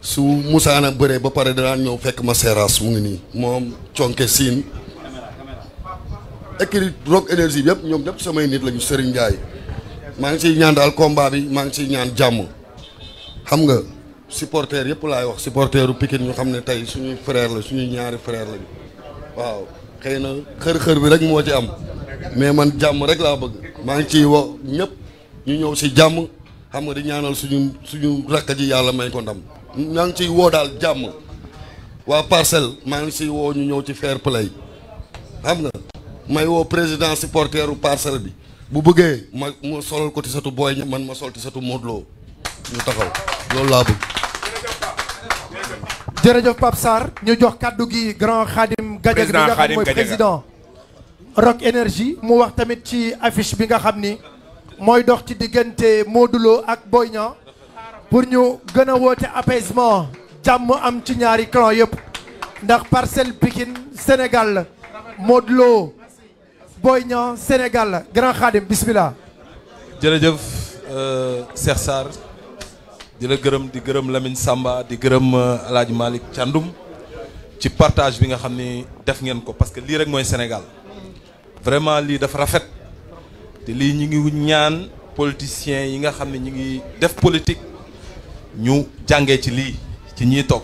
su musaana bëree ba pare danaan ñëw fekk ma seeraas mu ngi nii moom conke siin écurie Rock Énergie bi yëpp ñoom ñëpp samay nit lañu Serigne Ndiaye maa ngi siy ñaan daal combat bi maa ngi siy ñaan jàmm xam nga supporters yëpp laay wax supporteru Pikine ñu xam ne tey suñu frère la suñuy ñaari frère lañu waaw xëy na xër-xër bi rek moo ci am mais man jàmm rek laa bëgg maa ngi ciy woo ñëpp ñu ñëw si jàmm xam nga di ñaanal suñu suñu rakk ji yàlla may ko ndam ngi ciy woo daal jàmm waa parcelle maa ngi ciy woo ñu ñëw ci fair play xam nga may woo président supporteru parcelle bi bu bëggee ma ma solal ko ti satu booy man ma sol ti satu Modou ñu taxaw loolu laa bëgg. jërëjëf Pape ñu jox kàddu gi grand Khadim Gadiaga bi nga xam mooy président Rock Énergie mu wax tamit ci affiche bi nga xam ni mooy dox ci diggante Modou ak Boy Niang pour ñu gën a woote apaisement jàmm am ci ñaari clan yëpp ndax Parcelles Pikine Sénégal la Modou Lo Boy Niang Sénégal grand Khadim bismillah jërëjëf euh, Cheikh di la gërëm di gërëm Lamine Samba di gërëm euh, El Hadj Malick ci partage bi nga xam ne def ngeen ko parce que lii rek mooy Sénégal vraiment lii dafa rafet te lii ñu ngi ñaan politiciens yi nga xam ne ñu ngi def politique ñu jàngee ci lii ci ñiy toog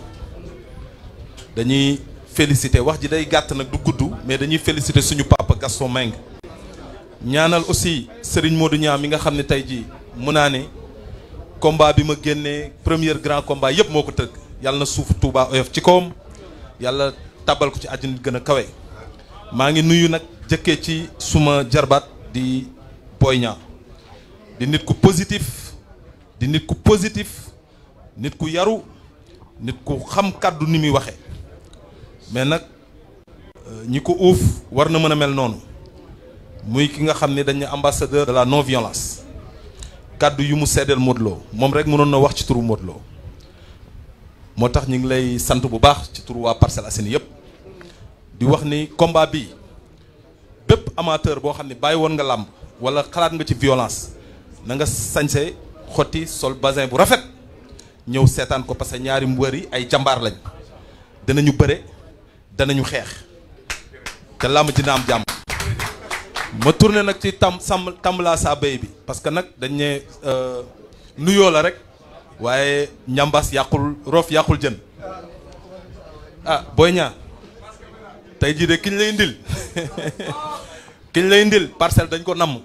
dañuy féliciter wax ji day gàtt nag du gudd mais dañuy féliciter suñu papa Gaston Mbengue ñaanal aussi Serigne Modou Niang mi nga xam ne tey jii mu naa ne. combat bi ma génnee premier grand combat yëpp moo ko tëgg yàlla na suuf Touba oyof ci kawam yàlla tabal ko ci àjjana gën a kawe. maa ngi nuyu nag jëkkee ci suma jarbaat di Boy Niang di nit ku positif di nit ku yaru nit ku xam kàddu ni muy waxee mais nag euh, ñi ko uuf war na mën a mel noonu muy ki nga xam ne dañu ambassadeur de la non violence. kàddu yu mu seddeel Modou moom rek mënoon na wax ci turu Modou Lo moo tax ñu ngi lay sant bu baax ci turu waa Parcelles Assainies yëpp di wax ni combat bi bépp amateur boo xam ne bàyyi woon nga làmb wala xalaat nga ci violence na nga sañse xotti sol basin bu rafet ñëw seetaan ko parce que ñaari mbër yi ay jàmbaar lañ danañu bëre danañu xeex te làmb ji na am jàmm ma tourné nag ci tam sàmm tàmbalaa saa béy bi parce que nag dañ ne euh, nuyoo la rek waaye njàmbaas yàqul roof yàqul jën a ah, booy Niang tey jii de kiñ lay ndil kiñ lay ndil parcelle dañ ko namm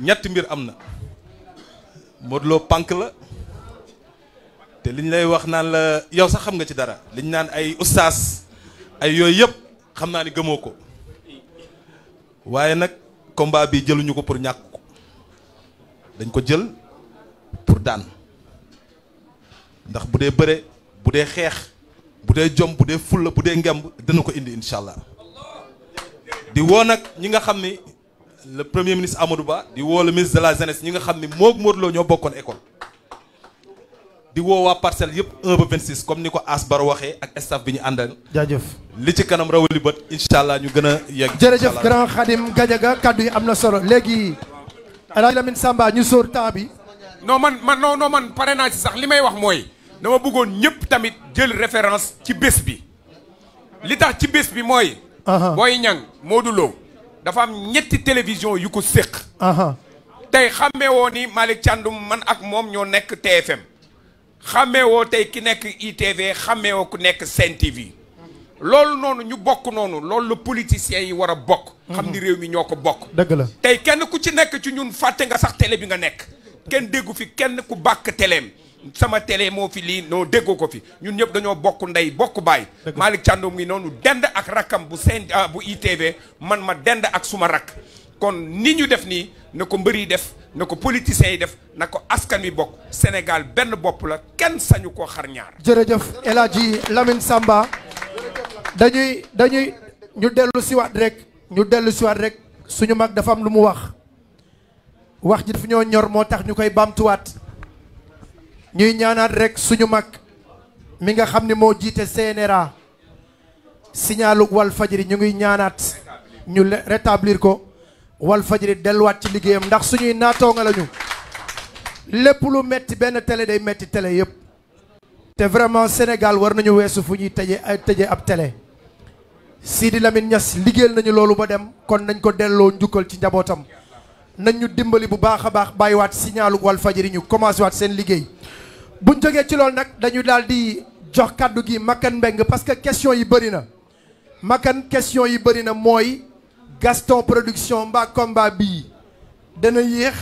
ñetti mbir am na Modou Lo pànk la te liñ lay wax naan la yow sax xam nga ci dara liñ naan ay ustaas ay yooyu yëpp xam naa ni gëmoo ko waaye nag combat bi jëluñu ko pour ñàkk ko dañ ko jël pour daan ndax bu dee bëre bu dee xeex bu dee jom bu dee fulla bu dee ngemb dana ko indi incha allah di woo nag ñi nga xam ni le premier ministre Amadou Ba di woo le ministre de la jeunesse ñi nga xam ni moo Modou Lo ñoo bokkoon école. di woo waa parcelle yëpp 1 ba 26 comme ni ko Asbar waxee ak staff bi ñu àndal. jaajëf li ci kanam rawali bët incha allah ñu gën a yegg. jërëjëf grand Khadim Gadiaga kaddu yi am na solo léegi. Alaaji Lamine Samba ñu sóor temps bi. non man man non non man pare naa ci sax li may wax mooy. dama bëggoon ñëpp tamit jël référence ci bés bi. li tax ci bés bi mooy. Boy Niang Modou Lo dafa am ñetti télévision yu ko séq. tey xàmmee woo ni Malick Thiandoum man ak moom ñoo nekk TFM. xàmmee tey ki nekk ITV xàmmee ku nekk Sen TV loolu noonu ñu bokk noonu loolu la politiciens yi war a bokk. xam ni mhm. réew mi ñoo ko bokk. dëgg la tey kenn ku ci nekk ci ñun fàtte nga sax télé bi nga nekk. kenn déggu fi kenn ku bàkk teleem sama télé moo fi lii noo déggu ko fi ñun ñëpp dañoo bokk ndey bokk baay. Malick Thiandoum ngi noonu dend ak rakkam bu Sen ah, bu ITV man ma dend ak suma rakk kon ni ñu def nii na ko mbër def. na ko politiciens yi def na ko askan wi bokk Sénégal benn bopp la kenn sañu koo xarñaar jërëjëf El Hadji Lamine Samba dañuy dañuy ñu dellu siwaat rek ñu dellu siwaat rek suñu mag dafa am lu mu wax wax ji dafa ñoo ñor moo tax ñu koy baamtuwaat ñuy ñaanaat rek suñu mag mi nga xam ni moo jiite CNRA signalu Walfadjri ñu ngi ñaanaat ñu rétablir ko. wal fajri delluwaat ci liggéeyam ndax suñuy naatoonga lañu lépp lu metti benn télé day metti télé yëpp te vraiment Sénégal war nañu weesu fu ñuy tëjee ay tëjee ab di Sidi ñas Niass liggéeyal nañu loolu ba dem kon nañ ko delloo njukkal ci njabootam nañ ñu dimbali bu baax a baax bàyyiwaat signalu wal fajri ñu commencé waat seen liggéey buñ jógee ci loolu nag dañu daal di jox kàddu gi Makan Mbeng parce que question yi bëri na Makan question yi bëri na mooy Gaston production mbaa kombaa bii dana yéex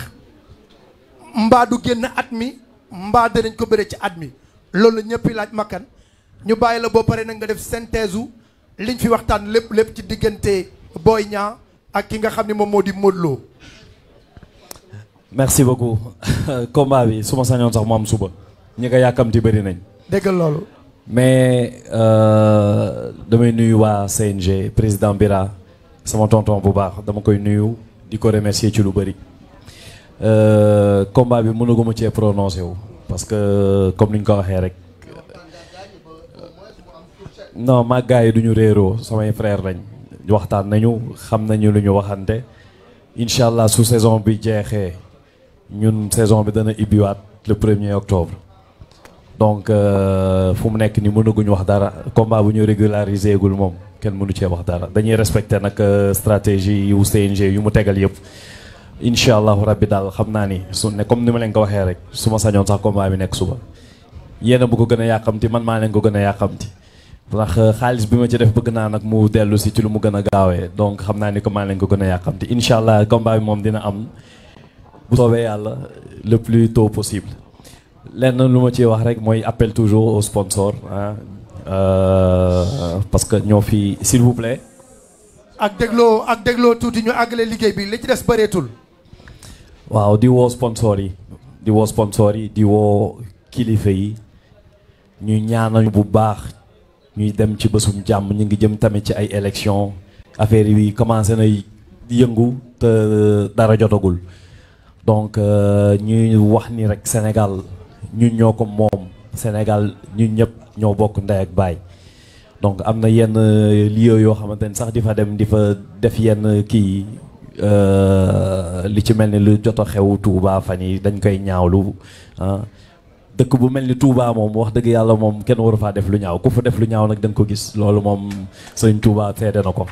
mbaa du génn at mi mbaa danañ ko bëre ci at mi loolu ñëpp laaj makkan ñu bàyyi la boo paree nag nga def synthèse liñ fi waxtaan lépp lépp ci diggante Boy ñaa ak ki nga xam ne moom moo di Modou merci beaucoup combat bi su ma sañoon sax mu am suba ñi ko yàkkamti bëri nañ. dégg loolu. mais euh, damay nuyu waa CNG président Bira. sama tonton bu baax dama koy nuyu di ko remercier ci lu bëri euh, combat bi mënaguma ci prononcé wu parce que comme ni ñu ko waxee rek non ma yi du ñu réeroo samay frère lañ waxtaan nañu xam nañu lu ñu waxante incha allah su saison bi jeexee ñun saison bi dana ibbiwaat le premier octobre donc euh, fu mu nekk ni mënaguñu wax dara combat bu ñu régularisé gul moom kenn mënu cee wax dara dañuy respecté nag euh, stratégie yu CNG yu mu tegal yëpp incha allahu rabbi daal xam naa ni su ne comme ni ma leen ko waxee rek su ma sañoon sax bi nekk suba yéen a bu ko gën a yàqamti man maa leen ko gën a yàqamti ndax euh, xaalis bi ma ci def bëgg naa nag mu dellu si ci lu mu gën a gaawee donc xam naa ni ko maa ko gën a yàqamti incha allah combat bi moom dina am bu soobee yàlla le plus tôt possible lenn lu ma ci wax rek mooy appel toujours aux sponsors Euh, parce que ñoo fi s'il ak dégloo ak dégloo tuuti ñu àggale liggéey bi li ci des bëreetul. waaw di woo sponsor yi di woo yi di woo kilifa yi ñu ñaanal bu baax ñuy dem ci bésum jàmm ñu ngi jëm tamit ci ay élections affaire yi commencé na yëngu te euh, dara jotagul donc euh, ñuy wax ni rek Sénégal ñu ñoo ko moom Sénégal ñu ñëpp. ñoo bokk ndey ak baay donc am na yenn euh, lieu yoo xamante ni sax di fa dem di fa def yenn kii euh, li ci mel ni lu jot a xew Touba fan yi dañ koy ñaawlu ah dëkk bu mel ni Touba moom wax dëgg yàlla moom kenn waru faa def lu ñaaw ku fa def lu ñaaw nag dañ ko gis loolu moom sëñ Touba seede na ko.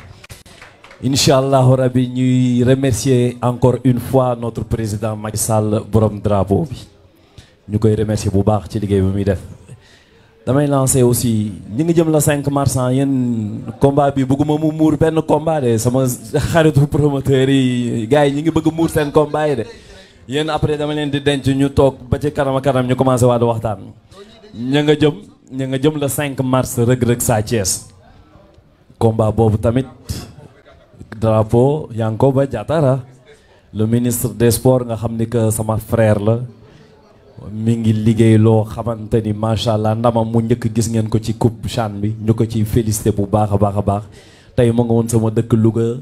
incha allahu rabi ñuy remercier encore une fois notre président Macky Sall borom drapeau bi ñu koy remercier bu baax ci liggéey bi muy def. damay lancé aussi ñi ngi jëm la 5 mars ah, yéen combat bi bëgguma mu muur benn combat de sama xaritu promoteur yi gars yi ñu ngi bëgg muur seen combat yi de yéen après dama leen di denc ñu toog ba ci kanam kanam ñu commencé waat waxtaan ña nga jëm ñu nga jëm la 5 mars rëg-rëg Sa Thiès combat boobu tamit drapeau ba Diattara le ministre des sports nga xam ni que sama frère la mi ngi liggéey loo xamante ni macha allah ndamam mu njëkk gis ngeen ko ci coupe CHAN bi ñu ko ci félicité bu baax a baax a baax tey mu nga woon sama dëkk Louga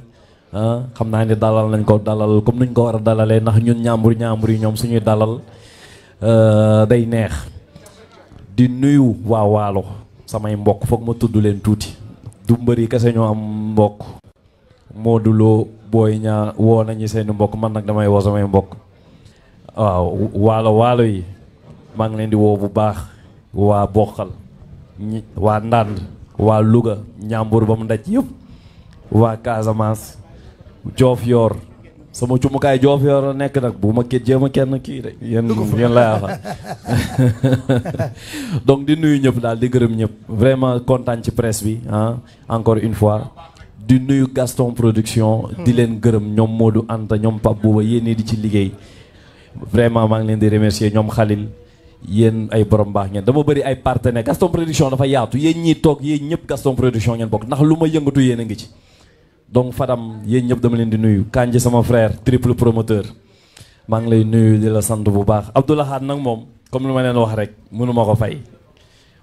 ah, xam naa ne dalal nañ ko dalal comme nuñ ko war a dalalee ndax ñun ñaambur ñaambur yi ñoom suñu dalal euh, day neex di nuyu waa waalo samay mbokk foog ma tudd leen tuuti du mbëri kese ñoo am mbokk du loo Boy Niang woo nañu seeni mbokk man nag damay woo samay mbokk waaw waalo waalo yi maa ngi leen di woo bu baax waa boqal ñi waa ndànd waa Louga ñàmbur ba mu ndaj yëpp waa Casamance joof yoor sama cumukaay joof yoor la nekk nag bu ma kii jéem a kenn kii de yéen yéen laa yaakaar donc di nuyu ñëpp daal di gërëm ñëpp vraiment kontaan ci presse bi ah encore une fois di nuyu Gaston Production di hmm. leen gërëm ñoom Modou Anta ñoom Pape Bouba yéen di ci liggéey vraiment maa ngi leen di remercier ñoom Khalil yéen ay borom baax ngeen dama bëri ay partenaires Gaston Production dafa yaatu yéen ñi toog yéen ñëpp Gaston Production ngeen bokk ndax lu ma yëngatu yéen ngi ci. donc Fadam yéen ñëpp dama leen di nuyu Kandji sama frère triple promoteur maa ngi lay nuyu di la sant bu baax xaat nag moom comme lu ma leen wax rek mënuma ko fay.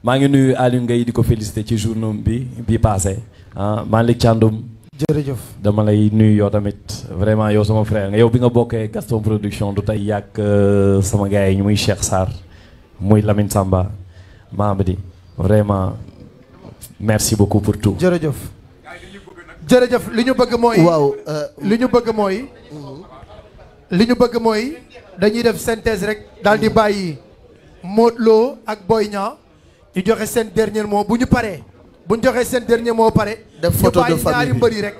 maa ngi nuyu Aliou Ngaye di ko féliciter ci journée bi bi passé maa ah, Malick Thiandoum jërëjëf dama lay nuyu yoo tamit vraiment yow sama frère nga yow bi nga bokkee Gaston production du tey yàgg euh, sama gaa yi ñu muy Cheikh Sarr muy Lamine Samba Mamadi vraiment merci beaucoup pour tout. jërëjëf jërëjëf li ñu bëgg mooy. waaw euh, li ñu bëgg mooy. li ñu bëgg mooy dañuy def synthèse rek daal di bàyyi Modou ak Boy Niang ñu joxe seen dernier mot bu ñu paree. buñ joxee seen dernier moo pare. def photo de famille ñaari mbër yi rek.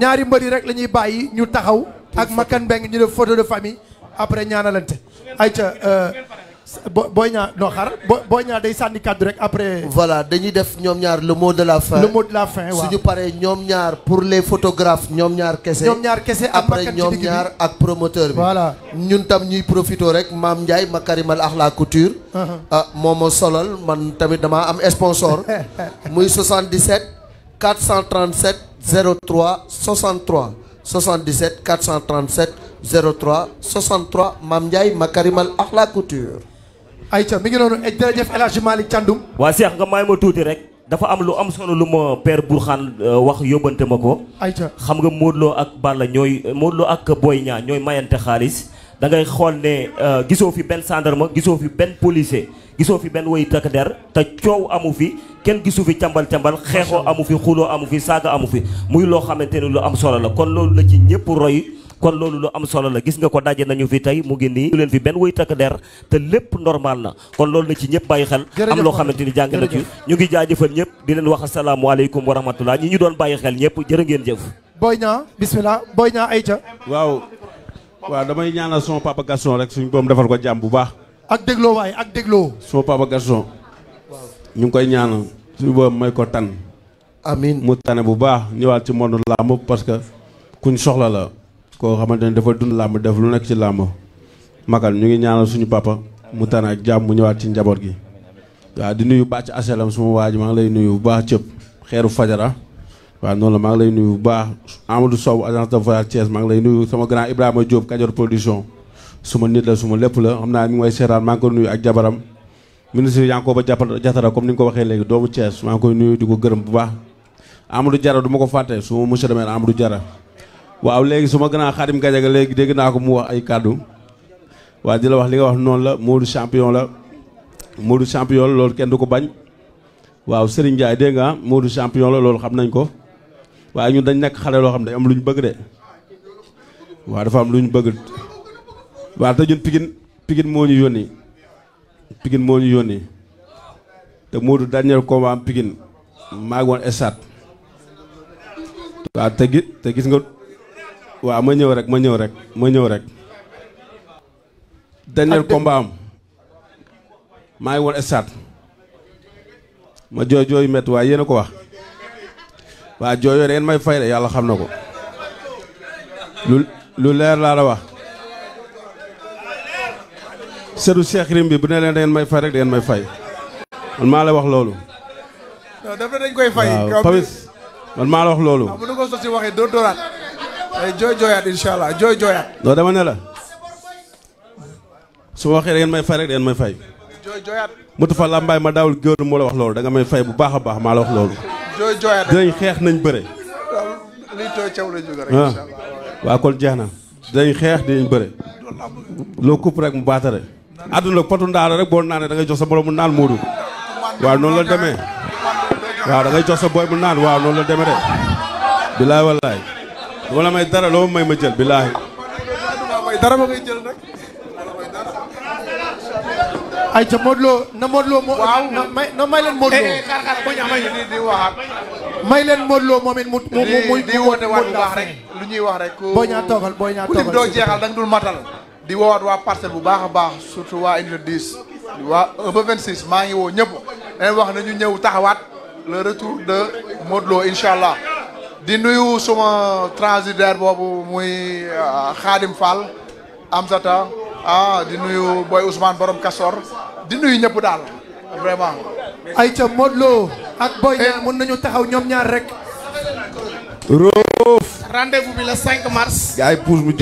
ñaari mbër yi rek lañuy bàyyi ñu taxaw. ak Makan Mbeng ñu def photo de famille après ñaanalante. ayca. Euh, Boy Niang non xaar Boy Niang day sànni kàddu rek après. voilà dañuy def ñoom ñaar le mot de la fin le mot de la fin waaw suñu paree ñoom ñaar pour les photographes ñoom ñaar kese. ñoom ñaar kese après ñoom ñaar ak promoteur bi. voilà ñun tam ñuy profito rek maam Ndiaye Makarimal ak la couture. Uh-huh. ah moo ma solal man tamit damaa am sponsor. muy 77 437 03 63 77 437 03 63 maam Ndiaye Makarimal ak la couture. ayca mi ngi noonu eh, jërëjëf El Hadj li Thiandoum waa Seex nga may ma tuuti rek dafa am lu am solo lu ma père Bourkhane euh, wax yóbbante ma ko ayca xam nga Modou ak Balla ñooy Modou ak booy Niang ñooy mayante xaalis da ngay xool ne euh, gisoo fi benn gendarme gisoo fi benn policier gisoo fi benn woy takk der te coow amu fi kenn gisu fi càmbal càmbal xeexoo amu fi xuloo amu fi saaga amu fi muy loo xamante ne lu am solo la kon loolu la ci ñëpp roy kon loolu lu am solo la gis nga ko daje nañu fi tey mu ngi nii ñu leen fi benn wuy takk der te lépp normal na kon loolu la ci ñëpp bàyyi xel am loo xamante ni jàng na ci ñu ngi jaajëfal ñëpp di leen wax asalaamualeykum wa rahmatullah ñi ñu doon bàyyi xel ñëpp jërë ngeen jëf Boy Niang bismillah Boy ay Aïcha waaw waaw damay ñaanal son papa Gaston rek suñu boom defal ko jàmm bu baax ak dégloo waaye ak dégloo son papa Gaston ñu ngi koy ñaanal suñu boom may ko tan amiin mu tane bu baax ñëwaat ci monde làmb parce que kuñ soxla la koo xamante ne dafa dund làmb def lu nekk ci làmb magal ñu ngi ñaanal suñu papa mu tane ak jàmm mu ñëwaat ci njaboot gi waa di nuyu bàcc aselam suma waa ji maa ngi lay nuyu bu baax cëpp xeeru fajara waa noonu la maa ngi lay nuyu bu baax Amadou Sow agent de voyage Thiès maa ngi lay nuyu sama grand Ibrahima Diop Kajoor production suma nit la suma lépp la xam naa mi ngi may seetaan maa ngi ko nuyu ak jabaram ministre Yankoba Diattara comme ni nga ko waxee léegi doomu Thiès maa ngi koy nuyu di ko gërëm bu baax Amadou Diarra du ma ko fàtte suma monsieur le maire Amadou Diarra waaw léegi su ma gën a Xaadim Gajaga léegi dégg naa ko mu wax ay kàddu waa di la wax li nga wax noonu la Modou champion la Modou champion la loolu kenn du ko bañ waaw sëriñ Ndiaye dégg nga Modou champion la loolu xam nañ ko waa ñun dañ nekk xale loo xam ne am lu ñu bëgg de waaw dafa am lu ñu bëgg waaw te ñun Pikine Pikine moo ñu yónni Pikine moo ñu yónni te Modou dernier combat am Pikine maa ngi woon estat waaw te gis te gis nga waaw ma ñëw rek ma ñëw rek ma ñëw rek dernier combat am maa ngi woon stade ma jooy jooyu métti waaye yéen a ko wax waa jooy yooyu da ngeen may fay de yàlla xam na ko lu leer laa la wax seetu Cheikh Rim bi bu ne leen da ngeen may fay rek da ngeen may fay man maa la wax loolu dafa koy fay waaw man maa la wax loolu ay jooy jooyaat incha allah jooy jooyaat. non dama ne la su ma waxee da may fay rek da may fay. jooy jooyaat. Moutou ma daawul góor moo la wax loolu da nga may fay bu baax a baax maa la wax loolu. jooy jooyaat xeex nañ bëre. liy tooy caw la ah. kon jeex na dinañ xeex dinañ bëre. loo kupp rek mu baatare. àdduna potu ndaara rek boo naanee da ngay jox sa borom mu naan muudu. waaw noonu la demee. waaw da jox sa boy mu naan waaw noonu la demee de. bilaay wallaay. du ma la may dara loo may ma jël billaahi. may dara ma koy jël nag. ay ca Modou Lo na Modou Lo moo. waaw na may na may leen Modou Lo. Eh, eh, xar xar ko ñaax may di waxaat. may leen Modou Lo moom it mu mu mu di woote waat bu baax rek. lu ñuy wax rek. boo ñaa toogal boo ñaa toogal ku doo jeexal da nga dul matal. di woowaat waa parcelle bu baax a baax surtout waa unité 10. waa un ba 26 maa ngi woo ñëpp. dañ wax na ñu ñëw taxawaat le retour de Modou Lo incha allah. di nuyu suma transitaire boobu muy euh, Khadim Fall am ah di nuyu Boy Ousmane borom Kasor di nuyu ñëpp daal vraiment. ayca Modou ak Boy Niang eh. mën nañu taxaw ñoom ñaar rek. Roof. rendez-vous bi la 5 mars. gars yi puus mu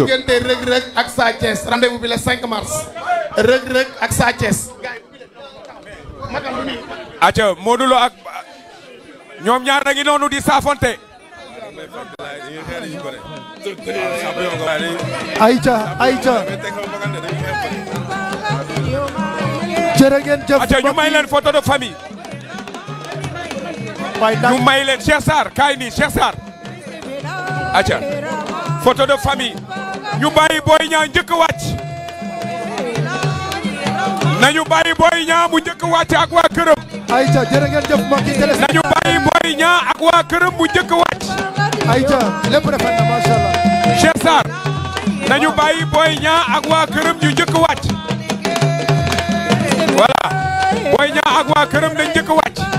ak Sa Thiès rendez-vous bi la mars. Reug Reug ak Sa Thiès. acca Modou ak ñoom ñaar a ngi noonu di saafonte. ayca ayca jërë ngeen jëf ayca ñu may leen photo de famille ñu may leen Cheikh Sarr kaay nii Cheikh Sarr ayca photo de famille ñu bàyyi Boy Niang njëkk wàcc nañu bàyyi Boy Niang mu njëkk wàcc ak waa këram ayca jërë ngeen jëf mbokki nañu bàyyi Boy Niang ak waa këram mu njëkk wàcc ayca lépp rafet na macha allah. Cheikh Sarr nañu bàyyi Boy Niang ak waa këram ñu njëkk wàcc. voilà Boy Niang ak waa këram dañ njëkk